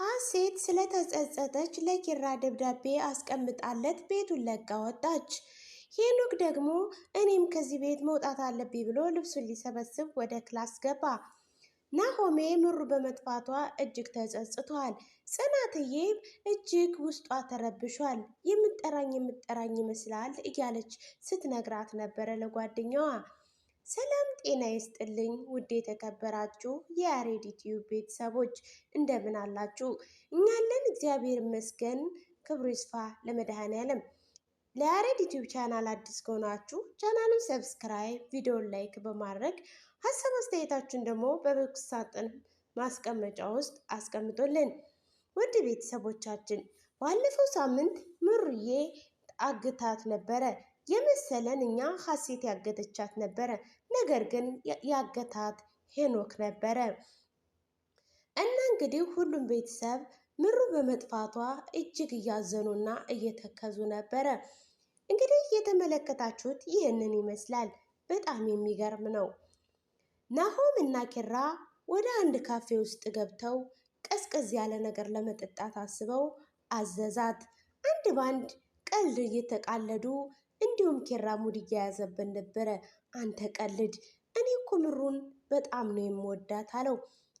ሀሴት ስለተጸጸተች ለኪራ ደብዳቤ አስቀምጣለት ቤቱን ለቃ ወጣች። ሄኖክ ደግሞ እኔም ከዚህ ቤት መውጣት አለብኝ ብሎ ልብሱን ሊሰበስብ ወደ ክላስ ገባ። ናሆሜ ምሩ በመጥፋቷ እጅግ ተጸጽቷል። ጽናትዬ እጅግ ውስጧ ተረብሿል። የምጠራኝ የምጠራኝ ይመስላል እያለች ስትነግራት ነበረ ለጓደኛዋ ሰላም ጤና ይስጥልኝ ውድ የተከበራችሁ የያሬድ ዩቲዩብ ቤተሰቦች እንደምን አላችሁ? እኛለን እግዚአብሔር ይመስገን፣ ክብሩ ይስፋ ለመድኃኔዓለም። ለያሬድ ዩቲዩብ ቻናል አዲስ ከሆናችሁ ቻናሉን ሰብስክራይብ፣ ቪዲዮን ላይክ በማድረግ ሀሳብ አስተያየታችሁን ደግሞ በበኩስ ሳጥን ማስቀመጫ ውስጥ አስቀምጦልን ውድ ቤተሰቦቻችን ባለፈው ሳምንት ምሩዬ አግታት ነበረ። የመሰለን እኛ ሀሴት ያገተቻት ነበረ። ነገር ግን ያገታት ሄኖክ ነበረ። እና እንግዲህ ሁሉም ቤተሰብ ምሩ በመጥፋቷ እጅግ እያዘኑና እየተከዙ ነበረ። እንግዲህ የተመለከታችሁት ይህንን ይመስላል። በጣም የሚገርም ነው። ናሆም እና ኪራ ወደ አንድ ካፌ ውስጥ ገብተው ቀዝቀዝ ያለ ነገር ለመጠጣት አስበው አዘዛት። አንድ ባንድ ቀልድ እየተቃለዱ እንዲሁም ኬራ ሙድ እየያዘብን ነበረ። አንተ ቀልድ፣ እኔ እኮ ምሩን በጣም ነው የምወዳት አለው።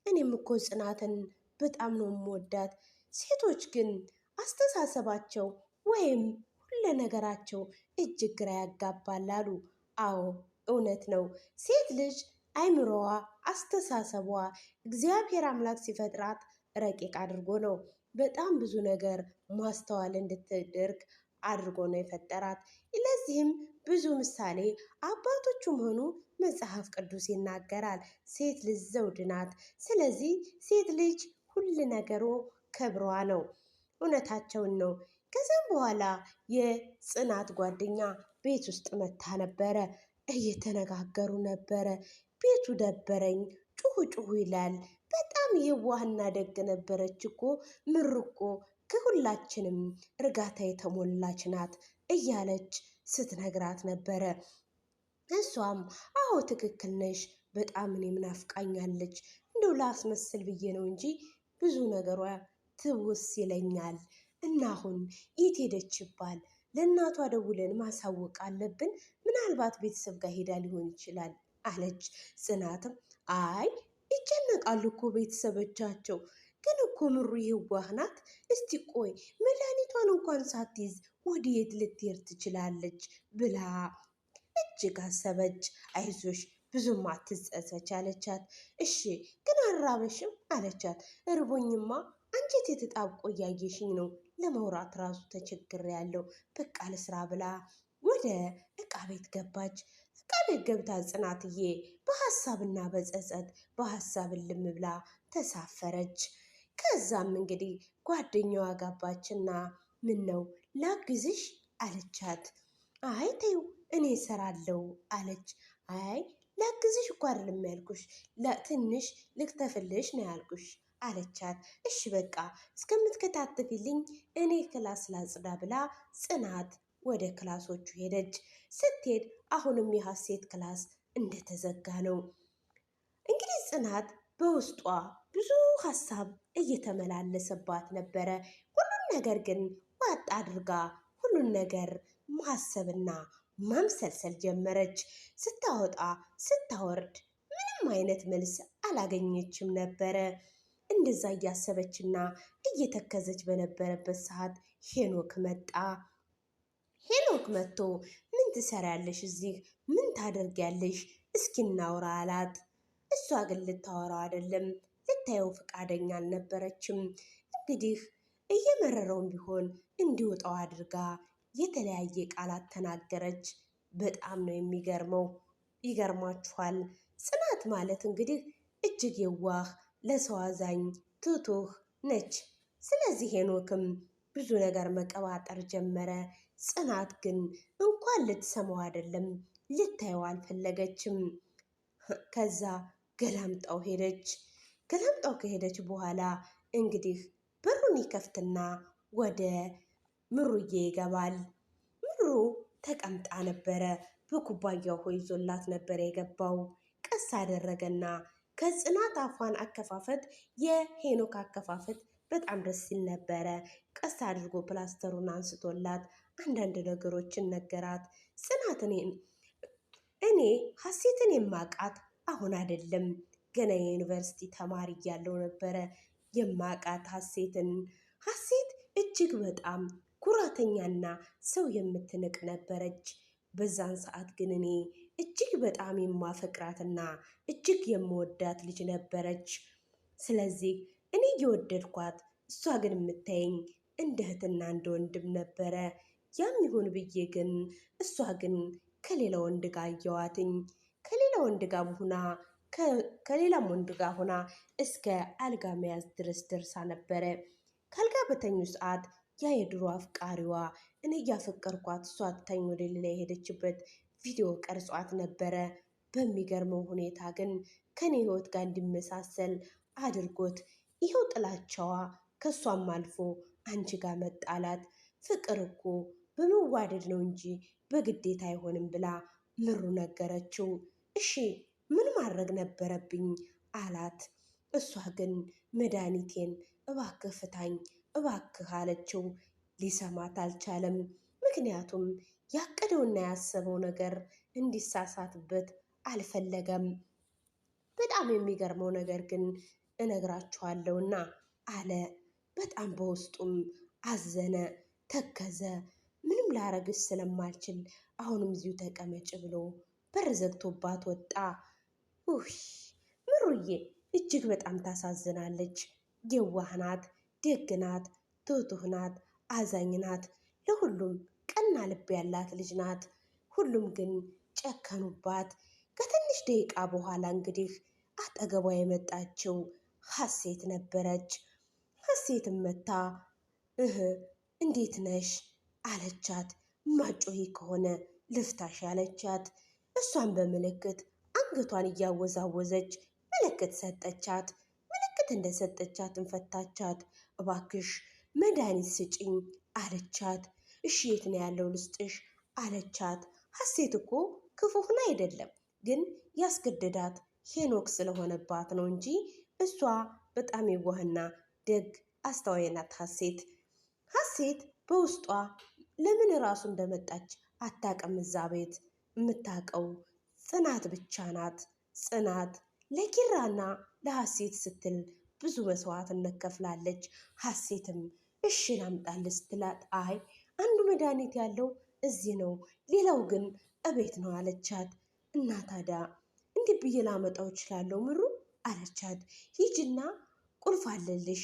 እኔም እኮ ጽናትን በጣም ነው የምወዳት። ሴቶች ግን አስተሳሰባቸው ወይም ሁለ ነገራቸው እጅግ ግራ ያጋባል አሉ። አዎ እውነት ነው። ሴት ልጅ አይምሮዋ፣ አስተሳሰቧ እግዚአብሔር አምላክ ሲፈጥራት ረቂቅ አድርጎ ነው በጣም ብዙ ነገር ማስተዋል እንድትደርግ አድርጎ ነው የፈጠራት። ለዚህም ብዙ ምሳሌ አባቶቹም ሆኑ መጽሐፍ ቅዱስ ይናገራል። ሴት ልጅ ዘውድ ናት። ስለዚህ ሴት ልጅ ሁል ነገሩ ክብሯ ነው። እውነታቸውን ነው። ከዚያም በኋላ የጽናት ጓደኛ ቤት ውስጥ መታ ነበረ። እየተነጋገሩ ነበረ። ቤቱ ደበረኝ፣ ጩሁ ጩሁ ይላል። በጣም የዋህና ደግ ነበረች እኮ ምርቆ ከሁላችንም እርጋታ የተሞላች ናት እያለች ስትነግራት ነበረ። እሷም አዎ ትክክል ነሽ፣ በጣም እኔም ናፍቃኛለች። እንደው ላስመስል ብዬ ነው እንጂ ብዙ ነገሯ ትውስ ይለኛል። እና አሁን የት ሄደች ይባል? ለእናቷ ደውለን ማሳወቅ አለብን። ምናልባት ቤተሰብ ጋር ሄዳ ሊሆን ይችላል አለች። ጽናትም አይ ይጨነቃሉ እኮ ቤተሰቦቻቸው እኮ ምሩ የዋህ ናት። እስቲ ቆይ መድኃኒቷን እንኳን ሳትይዝ ወዴት ልትሄድ ትችላለች? ብላ እጅግ አሰበች። አይዞሽ ብዙም አትጸጸች አለቻት። እሺ ግን አራበሽም አለቻት። እርቦኝማ አንጀት የተጣብቆ እያየሽኝ ነው። ለመውራት ራሱ ተቸግር ያለው በቃ ልስራ ብላ ወደ እቃ ቤት ገባች። ዕቃ ቤት ገብታ ጽናትዬ በሀሳብና በጸጸት በሀሳብ ልም ብላ ተሳፈረች። ከዛም እንግዲህ ጓደኛዋ ጋባችና ምን ነው ላግዝሽ አለቻት። አይ ተይው እኔ ሰራለው አለች። አይ ላግዝሽ እኮ አይደለም ያልኩሽ፣ ትንሽ ልክተፍልሽ ነው ያልኩሽ አለቻት። እሺ በቃ እስከምትከታተፊልኝ እኔ ክላስ ላጽዳ ብላ ጽናት ወደ ክላሶቹ ሄደች። ስትሄድ አሁንም የሐሴት ክላስ እንደተዘጋ ነው። እንግዲህ ጽናት በውስጧ ብዙ ሀሳብ እየተመላለሰባት ነበረ። ሁሉን ነገር ግን ዋጥ አድርጋ ሁሉን ነገር ማሰብና ማምሰልሰል ጀመረች። ስታወጣ ስታወርድ ምንም አይነት መልስ አላገኘችም ነበረ። እንደዛ እያሰበችና እየተከዘች በነበረበት ሰዓት ሄኖክ መጣ። ሄኖክ መጥቶ ምን ትሰሪያለሽ? እዚህ ምን ታደርጊያለሽ? እስኪ እናውራ አላት። እሷ ግን ልታወራው አይደለም ልታየው ፈቃደኛ አልነበረችም። እንግዲህ እየመረረውም ቢሆን እንዲወጣው አድርጋ የተለያየ ቃላት ተናገረች። በጣም ነው የሚገርመው። ይገርማችኋል። ጽናት ማለት እንግዲህ እጅግ የዋህ ለሰው አዛኝ ትቱህ ነች። ስለዚህ ሄኖክም ብዙ ነገር መቀባጠር ጀመረ። ጽናት ግን እንኳን ልትሰማው አይደለም ልታየው አልፈለገችም። ከዛ ገላምጣው ሄደች። ገላምጣው ከሄደች በኋላ እንግዲህ በሩን ይከፍትና ወደ ምሩዬ ይገባል። ምሩ ተቀምጣ ነበረ። በኩባያው ይዞላት ነበር የገባው። ቀስ አደረገና ከጽናት አፏን አከፋፈት የሄኖክ አከፋፈት በጣም ደስ ሲል ነበረ። ቀስ አድርጎ ፕላስተሩን አንስቶላት አንዳንድ ነገሮችን ነገራት። ጽናት እኔ ሀሴትን የማቃት አሁን አይደለም ገና የዩኒቨርሲቲ ተማሪ እያለው ነበረ የማቃት ሀሴትን። ሀሴት እጅግ በጣም ኩራተኛና ሰው የምትንቅ ነበረች። በዛን ሰዓት ግን እኔ እጅግ በጣም የማፈቅራትና እጅግ የምወዳት ልጅ ነበረች። ስለዚህ እኔ የወደድኳት፣ እሷ ግን የምታየኝ እንደ እህትና እንደ ወንድም ነበረ። ያም ይሁን ብዬ ግን እሷ ግን ከሌላ ወንድ ጋር አየዋትኝ። ከሌላ ወንድ ጋር ሁና ከሌላም ወንድ ጋር ሁና እስከ አልጋ መያዝ ድረስ ደርሳ ነበረ። ከአልጋ በተኙ ሰዓት ያ የድሮ አፍቃሪዋ እኔ እያፈቀርኳት እሷ ትተኝ ወደ ሌላ የሄደችበት ቪዲዮ ቀርጿት ነበረ። በሚገርመው ሁኔታ ግን ከኔ ህይወት ጋር እንዲመሳሰል አድርጎት ይኸው ጥላቻዋ ከእሷም አልፎ አንቺ ጋር መጣላት። ፍቅር እኮ በመዋደድ ነው እንጂ በግዴታ አይሆንም ብላ ምሩ ነገረችው። እሺ ምን ማድረግ ነበረብኝ አላት። እሷ ግን መድኃኒቴን እባክህ ፍታኝ እባክህ አለችው። ሊሰማት አልቻለም። ምክንያቱም ያቀደውና ያሰበው ነገር እንዲሳሳትበት አልፈለገም። በጣም የሚገርመው ነገር ግን እነግራችኋለሁና አለ። በጣም በውስጡም አዘነ፣ ተከዘ። ምንም ላረግሽ ስለማልችል አሁንም እዚሁ ተቀመጭ ብሎ በር ዘግቶባት ወጣ። ውይ ምሩዬ እጅግ በጣም ታሳዝናለች። የዋህ ናት፣ ደግ ናት፣ ትሁት ናት፣ አዛኝ ናት። ለሁሉም ቀና ልብ ያላት ልጅ ናት። ሁሉም ግን ጨከኑባት። ከትንሽ ደቂቃ በኋላ እንግዲህ አጠገቧ የመጣችው ሀሴት ነበረች። ሀሴት መታ እህ እንዴት ነሽ አለቻት። ማጮሂ ከሆነ ልፍታሽ አለቻት። እሷን በምልክት አንገቷን እያወዛወዘች ምልክት ሰጠቻት። ምልክት እንደሰጠቻት እንፈታቻት እባክሽ መድኃኒት ስጭኝ አለቻት። እሺ የት ነው ያለው ልስጥሽ አለቻት። ሀሴት እኮ ክፉ አይደለም፣ ግን ያስገደዳት ሄኖክ ስለሆነባት ነው እንጂ እሷ በጣም የዋህና ደግ አስተዋይ ናት። ሀሴት ሀሴት በውስጧ ለምን ራሱ እንደመጣች አታቀምዛ እዛ ቤት የምታውቀው ጽናት ብቻ ናት። ጽናት ለኪራና ለሐሴት ስትል ብዙ መስዋዕትነት ከፍላለች። ሐሴትም እሺ ላምጣልህ ስትላት አይ አንዱ መድኃኒት ያለው እዚህ ነው፣ ሌላው ግን እቤት ነው አለቻት። እና ታዲያ እንዲህ ብዬ ላመጣው እችላለሁ ምሩ አለቻት። ሂጅና ቁልፍ አለልሽ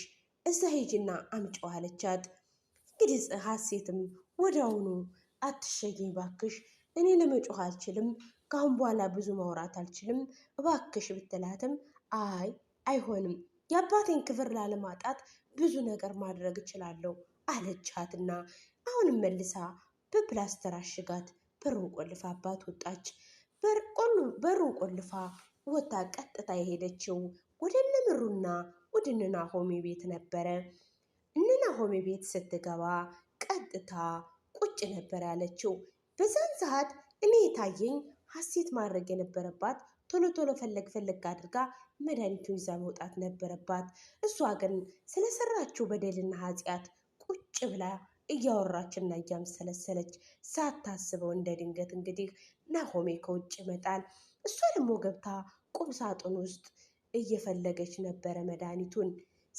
እዛ ሂጅና አምጪው አለቻት። እንግዲህ ሐሴትም ወዲያውኑ አትሸጊኝ ባክሽ እኔ ለመጮህ አልችልም፣ ካሁን በኋላ ብዙ ማውራት አልችልም እባክሽ ብትላትም አይ አይሆንም፣ የአባቴን ክብር ላለማጣት ብዙ ነገር ማድረግ እችላለሁ አለቻትና አሁንም መልሳ በፕላስተር አሽጋት በሩን ቆልፋ አባት ወጣች። በሩን ቆልፋ ወታ ቀጥታ የሄደችው ወደ እነ ወደ እነ ቤት ነበረ። እነ ቤት ስትገባ ቀጥታ ቁጭ ነበር ያለችው። በዛ ሰዓት እኔ የታየኝ ሀሴት ማድረግ የነበረባት ቶሎ ቶሎ ፈለግ ፈለግ አድርጋ መድኃኒቱን ይዛ መውጣት ነበረባት። እሷ ግን ስለሰራችው በደልና ኃጢአት ቁጭ ብላ እያወራችና እያምሰለሰለች ሳታስበው እንደ ድንገት እንግዲህ ናሆሜ ከውጭ ይመጣል። እሷ ደግሞ ገብታ ቁም ሳጥን ውስጥ እየፈለገች ነበረ መድኃኒቱን።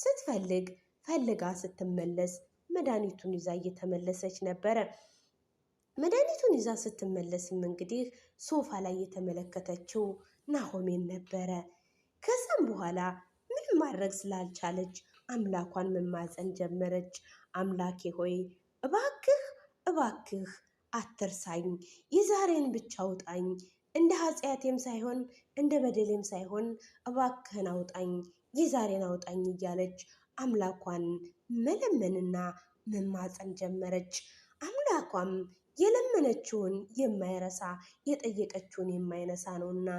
ስትፈልግ ፈልጋ ስትመለስ መድኃኒቱን ይዛ እየተመለሰች ነበረ። መድኃኒቱን ይዛ ስትመለስም እንግዲህ ሶፋ ላይ የተመለከተችው ናሆሜን ነበረ። ከዛም በኋላ ምንም ማድረግ ስላልቻለች አምላኳን መማፀን ጀመረች። አምላኬ ሆይ እባክህ እባክህ አትርሳኝ፣ የዛሬን ብቻ አውጣኝ፣ እንደ ኃጢአቴም ሳይሆን እንደ በደሌም ሳይሆን እባክህን አውጣኝ፣ የዛሬን አውጣኝ እያለች አምላኳን መለመንና መማፀን ጀመረች። አምላኳም የለመነችውን የማይረሳ የጠየቀችውን የማይነሳ ነውና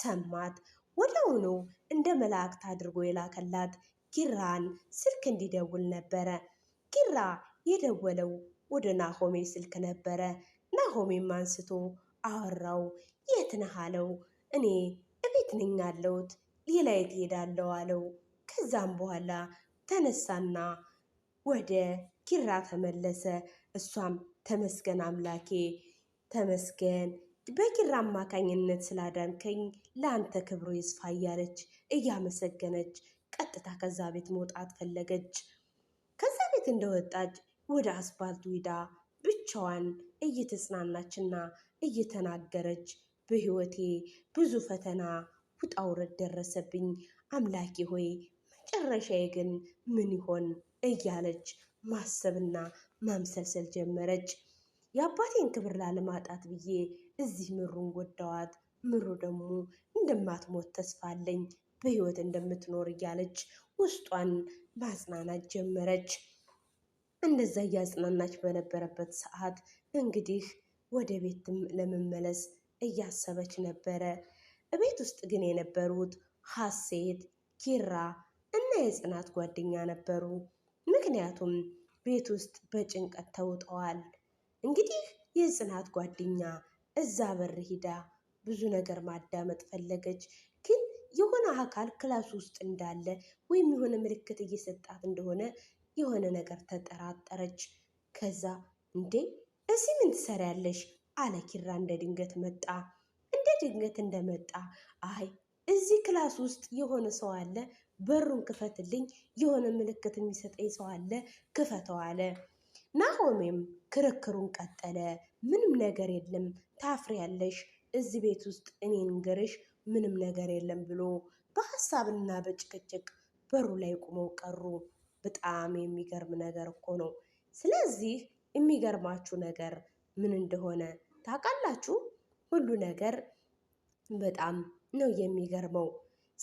ሰማት። ወዲያውኑ እንደ መላእክት አድርጎ የላከላት ኪራን ስልክ እንዲደውል ነበረ። ኪራ የደወለው ወደ ናሆሜ ስልክ ነበረ። ናሆሜም አንስቶ አወራው። የት ነህ አለው። እኔ እቤት ነኝ አለሁት። ሌላ የት አለው። ከዛም በኋላ ተነሳና ወደ ኪራ ተመለሰ። እሷም ተመስገን አምላኬ ተመስገን በኪራ አማካኝነት ስላዳንከኝ ለአንተ ክብሩ ይስፋ እያለች እያመሰገነች ቀጥታ ከዛ ቤት መውጣት ፈለገች። ከዛ ቤት እንደወጣች ወደ አስፓልት ዊዳ ብቻዋን እየተጽናናችና እየተናገረች በህይወቴ ብዙ ፈተና ውጣ ውረድ ደረሰብኝ፣ አምላኬ ሆይ መጨረሻዬ ግን ምን ይሆን እያለች ማሰብና ማምሰልሰል ጀመረች። የአባቴን ክብር ላለማጣት ብዬ እዚህ ምሩን ጎዳዋት። ምሩ ደግሞ እንደማትሞት ተስፋ አለኝ፣ እንደምትኖር እያለች ውስጧን ማጽናናት ጀመረች። እንደዛ እያጽናናች በነበረበት ሰዓት እንግዲህ ወደ ቤት ለመመለስ እያሰበች ነበረ። እቤት ውስጥ ግን የነበሩት ሀሴት፣ ኪራ እና የጽናት ጓደኛ ነበሩ። ምክንያቱም ቤት ውስጥ በጭንቀት ተውጠዋል። እንግዲህ የጽናት ጓደኛ እዛ በር ሂዳ ብዙ ነገር ማዳመጥ ፈለገች። ግን የሆነ አካል ክላስ ውስጥ እንዳለ ወይም የሆነ ምልክት እየሰጣት እንደሆነ የሆነ ነገር ተጠራጠረች። ከዛ እንዴ እዚህ ምን ትሰሪያለሽ? አለ ኪራ እንደ ድንገት መጣ። እንደ ድንገት እንደመጣ አይ እዚህ ክላስ ውስጥ የሆነ ሰው አለ፣ በሩን ክፈትልኝ፣ የሆነ ምልክት የሚሰጠኝ ሰው አለ፣ ክፈተው አለ። ናሆሜም ክርክሩን ቀጠለ። ምንም ነገር የለም፣ ታፍሪያለሽ፣ እዚህ ቤት ውስጥ እኔ ንገርሽ፣ ምንም ነገር የለም ብሎ በሀሳብና በጭቅጭቅ በሩ ላይ ቁመው ቀሩ። በጣም የሚገርም ነገር እኮ ነው። ስለዚህ የሚገርማችሁ ነገር ምን እንደሆነ ታውቃላችሁ? ሁሉ ነገር በጣም ነው የሚገርመው።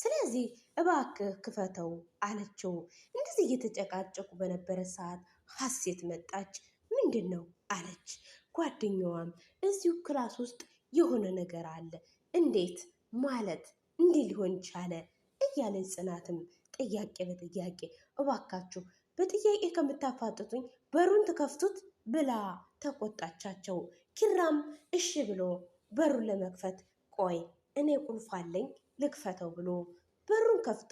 ስለዚህ እባክህ ክፈተው አለችው። እንደዚህ እየተጨቃጨቁ በነበረ ሰዓት ሀሴት መጣች። ምንድን ነው አለች። ጓደኛዋም እዚሁ ክላስ ውስጥ የሆነ ነገር አለ። እንዴት ማለት እንዲህ ሊሆን ቻለ እያለን ጽናትም ጥያቄ በጥያቄ እባካችሁ በጥያቄ ከምታፋጥጡኝ በሩን ትከፍቱት ብላ ተቆጣቻቸው። ኪራም እሺ ብሎ በሩን ለመክፈት ቆይ እኔ ቁልፍ አለኝ ልክፈተው ብሎ በሩን ከፍቶ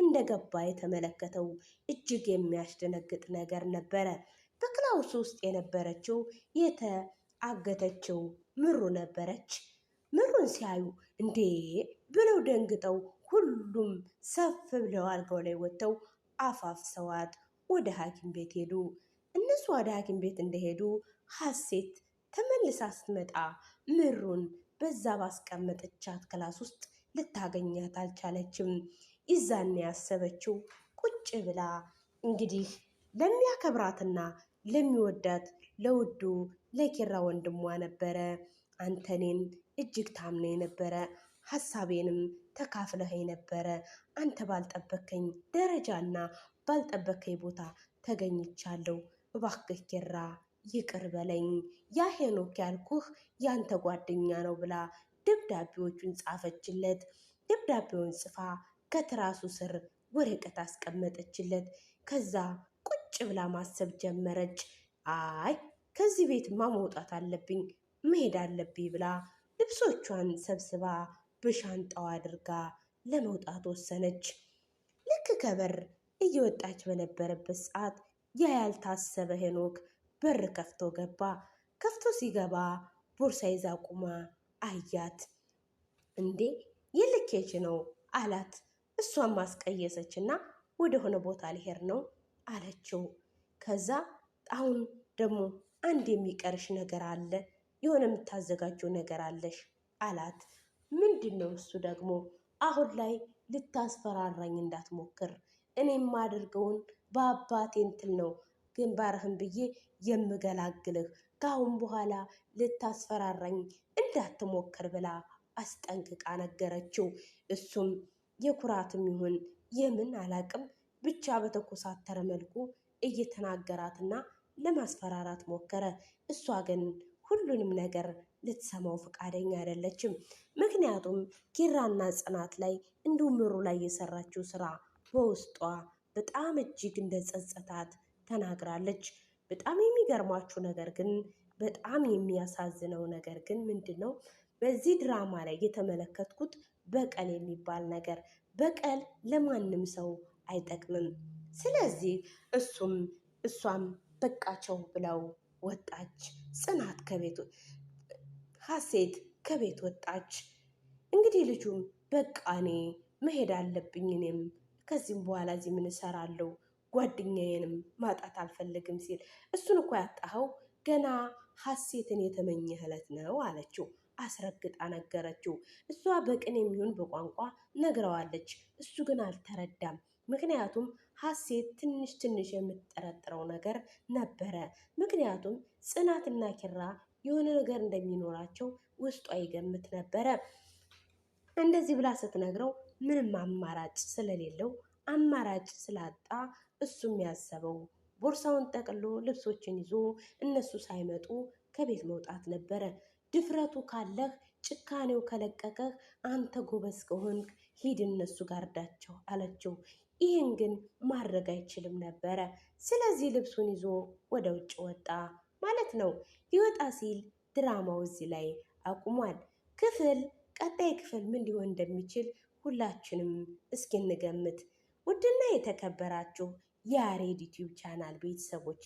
እንደገባ የተመለከተው እጅግ የሚያስደነግጥ ነገር ነበረ። በክላውስ ውስጥ የነበረችው የተአገተችው ምሩ ነበረች። ምሩን ሲያዩ እንዴ ብለው ደንግጠው ሁሉም ሰፍ ብለው አልጋው ላይ ወጥተው አፋፍ ሰዋት ወደ ሐኪም ቤት ሄዱ። እነሱ ወደ ሐኪም ቤት እንደሄዱ ሀሴት ተመልሳ ስትመጣ ምሩን በዛ ባስቀመጠቻት ክላስ ውስጥ ልታገኛት አልቻለችም። ይዛን ያሰበችው ቁጭ ብላ እንግዲህ ለሚያከብራትና ለሚወዳት ለውዱ ለኪራ ወንድሟ ነበረ። አንተኔን እጅግ ታምነ የነበረ ሀሳቤንም ተካፍለህ የነበረ አንተ ባልጠበከኝ ደረጃና ባልጠበከኝ ቦታ ተገኝቻለሁ። እባክህ ኪራ ይቅር በለኝ ያ ሄኖክ ያልኩህ ያንተ ጓደኛ ነው ብላ ደብዳቤዎቹን ጻፈችለት። ደብዳቤውን ጽፋ ከትራሱ ስር ወረቀት አስቀመጠችለት። ከዛ ቁጭ ብላ ማሰብ ጀመረች። አይ ከዚህ ቤትማ መውጣት አለብኝ መሄድ አለብኝ ብላ ልብሶቿን ሰብስባ በሻንጣዋ አድርጋ ለመውጣት ወሰነች። ልክ ከበር እየወጣች በነበረበት ሰዓት ያ ያልታሰበ ሄኖክ በር ከፍቶ ገባ። ከፍቶ ሲገባ ቦርሳ ይዛ ቁማ አያት። እንዴ የልኬች ነው አላት። እሷን ማስቀየሰች እና ሆነ ቦታ ልሄድ ነው አለችው። ከዛ አሁን ደግሞ አንድ የሚቀርሽ ነገር አለ፣ የሆነ የምታዘጋጀው ነገር አለሽ አላት። ምንድን ነው እሱ ደግሞ? አሁን ላይ ልታስፈራራኝ እንዳትሞክር፣ እኔ የማደርገውን በአባቴ እንትን ነው ግንባርህን ብዬ የምገላግልህ ከአሁን በኋላ ልታስፈራራኝ እንዳትሞክር ብላ አስጠንቅቃ ነገረችው። እሱም የኩራትም ይሁን የምን አላቅም ብቻ በተኮሳተረ መልኩ እየተናገራትና ለማስፈራራት ሞከረ። እሷ ግን ሁሉንም ነገር ልትሰማው ፈቃደኛ አይደለችም። ምክንያቱም ኪራና ጽናት ላይ እንዲሁም ምሩ ላይ የሰራችው ስራ በውስጧ በጣም እጅግ እንደ ጸጸታት ተናግራለች። በጣም የሚገርማችሁ ነገር ግን በጣም የሚያሳዝነው ነገር ግን ምንድን ነው በዚህ ድራማ ላይ የተመለከትኩት በቀል የሚባል ነገር በቀል ለማንም ሰው አይጠቅምም። ስለዚህ እሱም እሷም በቃቸው ብለው ወጣች። ጽናት ከቤት ሀሴት ከቤት ወጣች። እንግዲህ ልጁም በቃ እኔ መሄድ አለብኝ እኔም ከዚህም በኋላ እዚህ ምን እሰራለሁ ጓደኛዬንም ማጣት አልፈልግም ሲል እሱን እኮ ያጣኸው ገና ሀሴትን የተመኘህ ነው አለችው። አስረግጣ ነገረችው። እሷ በቅን የሚሆን በቋንቋ ነግረዋለች። እሱ ግን አልተረዳም። ምክንያቱም ሀሴት ትንሽ ትንሽ የምትጠረጥረው ነገር ነበረ። ምክንያቱም ጽናትና ኪራ የሆነ ነገር እንደሚኖራቸው ውስጧ ይገምት ነበረ። እንደዚህ ብላ ስትነግረው ምንም አማራጭ ስለሌለው አማራጭ ስላጣ እሱም ያሰበው ቦርሳውን ጠቅሎ ልብሶችን ይዞ እነሱ ሳይመጡ ከቤት መውጣት ነበረ። ድፍረቱ ካለህ ጭካኔው ከለቀቀህ አንተ ጎበዝ ከሆንክ ሂድ እነሱ ጋር ዳቸው አለችው። ይህን ግን ማድረግ አይችልም ነበረ። ስለዚህ ልብሱን ይዞ ወደ ውጭ ወጣ ማለት ነው። ሊወጣ ሲል ድራማው እዚህ ላይ አቁሟል። ክፍል ቀጣይ ክፍል ምን ሊሆን እንደሚችል ሁላችንም እስኪ እንገምት። ውድና የተከበራችሁ የያሬድ ዩቲዩብ ቻናል ቤተሰቦች።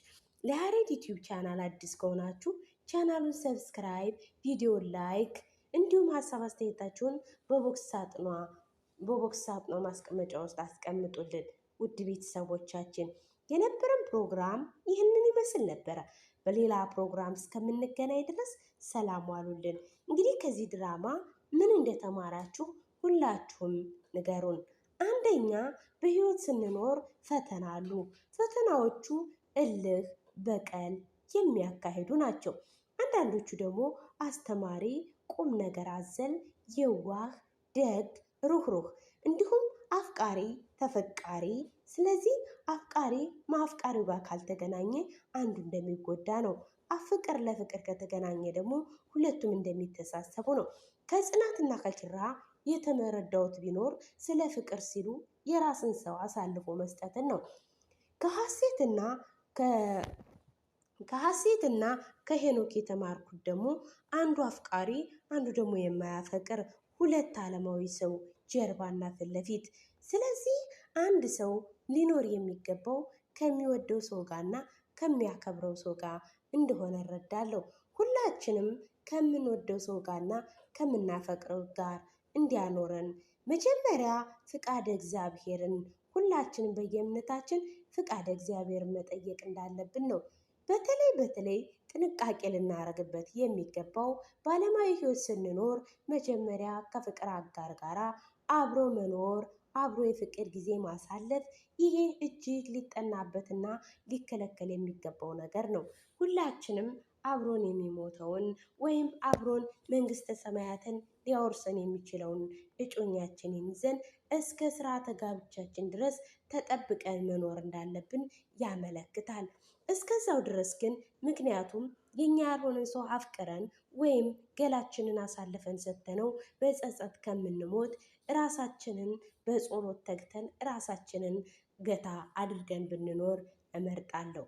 ለያሬድ ዩቲዩብ ቻናል አዲስ ከሆናችሁ ቻናሉን ሰብስክራይብ፣ ቪዲዮ ላይክ፣ እንዲሁም ሀሳብ አስተያየታችሁን በቦክስ ሳጥኗ በቦክስ ሳጥኗ ማስቀመጫ ውስጥ አስቀምጡልን። ውድ ቤተሰቦቻችን የነበረን ፕሮግራም ይህንን ይመስል ነበረ። በሌላ ፕሮግራም እስከምንገናኝ ድረስ ሰላም ዋሉልን። እንግዲህ ከዚህ ድራማ ምን እንደተማራችሁ ሁላችሁም ንገሩን። አንደኛ በህይወት ስንኖር ፈተና አሉ። ፈተናዎቹ እልህ፣ በቀል የሚያካሂዱ ናቸው። አንዳንዶቹ ደግሞ አስተማሪ፣ ቁም ነገር አዘል፣ የዋህ፣ ደግ፣ ሩህሩህ እንዲሁም አፍቃሪ ተፈቃሪ። ስለዚህ አፍቃሪ ማፍቃሪው ጋር ካልተገናኘ አንዱ እንደሚጎዳ ነው። ፍቅር ለፍቅር ከተገናኘ ደግሞ ሁለቱም እንደሚተሳሰቡ ነው። ከጽናትና ከኪራ የተመረዳውት ቢኖር ስለ ፍቅር ሲሉ የራስን ሰው አሳልፎ መስጠትን ነው። ከሀሴትና ከሀሴትና ከሄኖክ የተማርኩት ደግሞ አንዱ አፍቃሪ፣ አንዱ ደግሞ የማያፈቅር ሁለት ዓለማዊ ሰው ጀርባና ፊት ለፊት። ስለዚህ አንድ ሰው ሊኖር የሚገባው ከሚወደው ሰው ጋርና ከሚያከብረው ሰው ጋር እንደሆነ እረዳለሁ። ሁላችንም ከምንወደው ሰው ጋርና ከምናፈቅረው ጋር እንዲያኖረን መጀመሪያ ፍቃደ እግዚአብሔርን ሁላችንም በየእምነታችን ፍቃደ እግዚአብሔር መጠየቅ እንዳለብን ነው። በተለይ በተለይ ጥንቃቄ ልናደርግበት የሚገባው በዓለማዊ ሕይወት ስንኖር መጀመሪያ ከፍቅር አጋር ጋር አብሮ መኖር አብሮ የፍቅር ጊዜ ማሳለፍ ይሄ እጅግ ሊጠናበትና ሊከለከል የሚገባው ነገር ነው። ሁላችንም አብሮን የሚሞተውን ወይም አብሮን መንግስተ ሰማያትን ሊያወርሰን የሚችለውን እጮኛችንን ይዘን እስከ ስርዓተ ጋብቻችን ድረስ ተጠብቀን መኖር እንዳለብን ያመለክታል። እስከዛው ድረስ ግን ምክንያቱም የኛ ያልሆነን ሰው አፍቅረን ወይም ገላችንን አሳልፈን ሰጥተነው በጸጸት ከምንሞት ራሳችንን በጸሎት ተግተን ራሳችንን ገታ አድርገን ብንኖር እመርጣለሁ።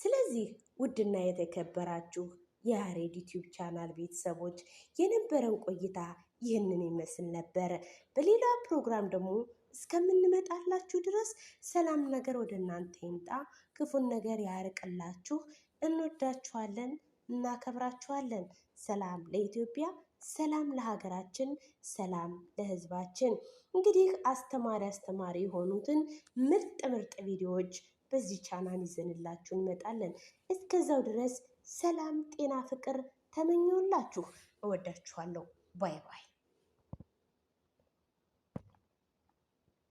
ስለዚህ ውድና የተከበራችሁ የያሬድ ዩቲዩብ ቻናል ቤተሰቦች የነበረን ቆይታ ይህንን ይመስል ነበር። በሌላ ፕሮግራም ደግሞ እስከምንመጣላችሁ ድረስ ሰላም ነገር ወደ እናንተ ይምጣ፣ ክፉን ነገር ያርቅላችሁ። እንወዳችኋለን፣ እናከብራችኋለን። ሰላም ለኢትዮጵያ፣ ሰላም ለሀገራችን፣ ሰላም ለሕዝባችን። እንግዲህ አስተማሪ አስተማሪ የሆኑትን ምርጥ ምርጥ ቪዲዮዎች በዚህ ቻናል ይዘንላችሁ እንመጣለን። እስከዛው ድረስ ሰላም፣ ጤና፣ ፍቅር ተመኘሁላችሁ። እወዳችኋለሁ። ባይ ባይ።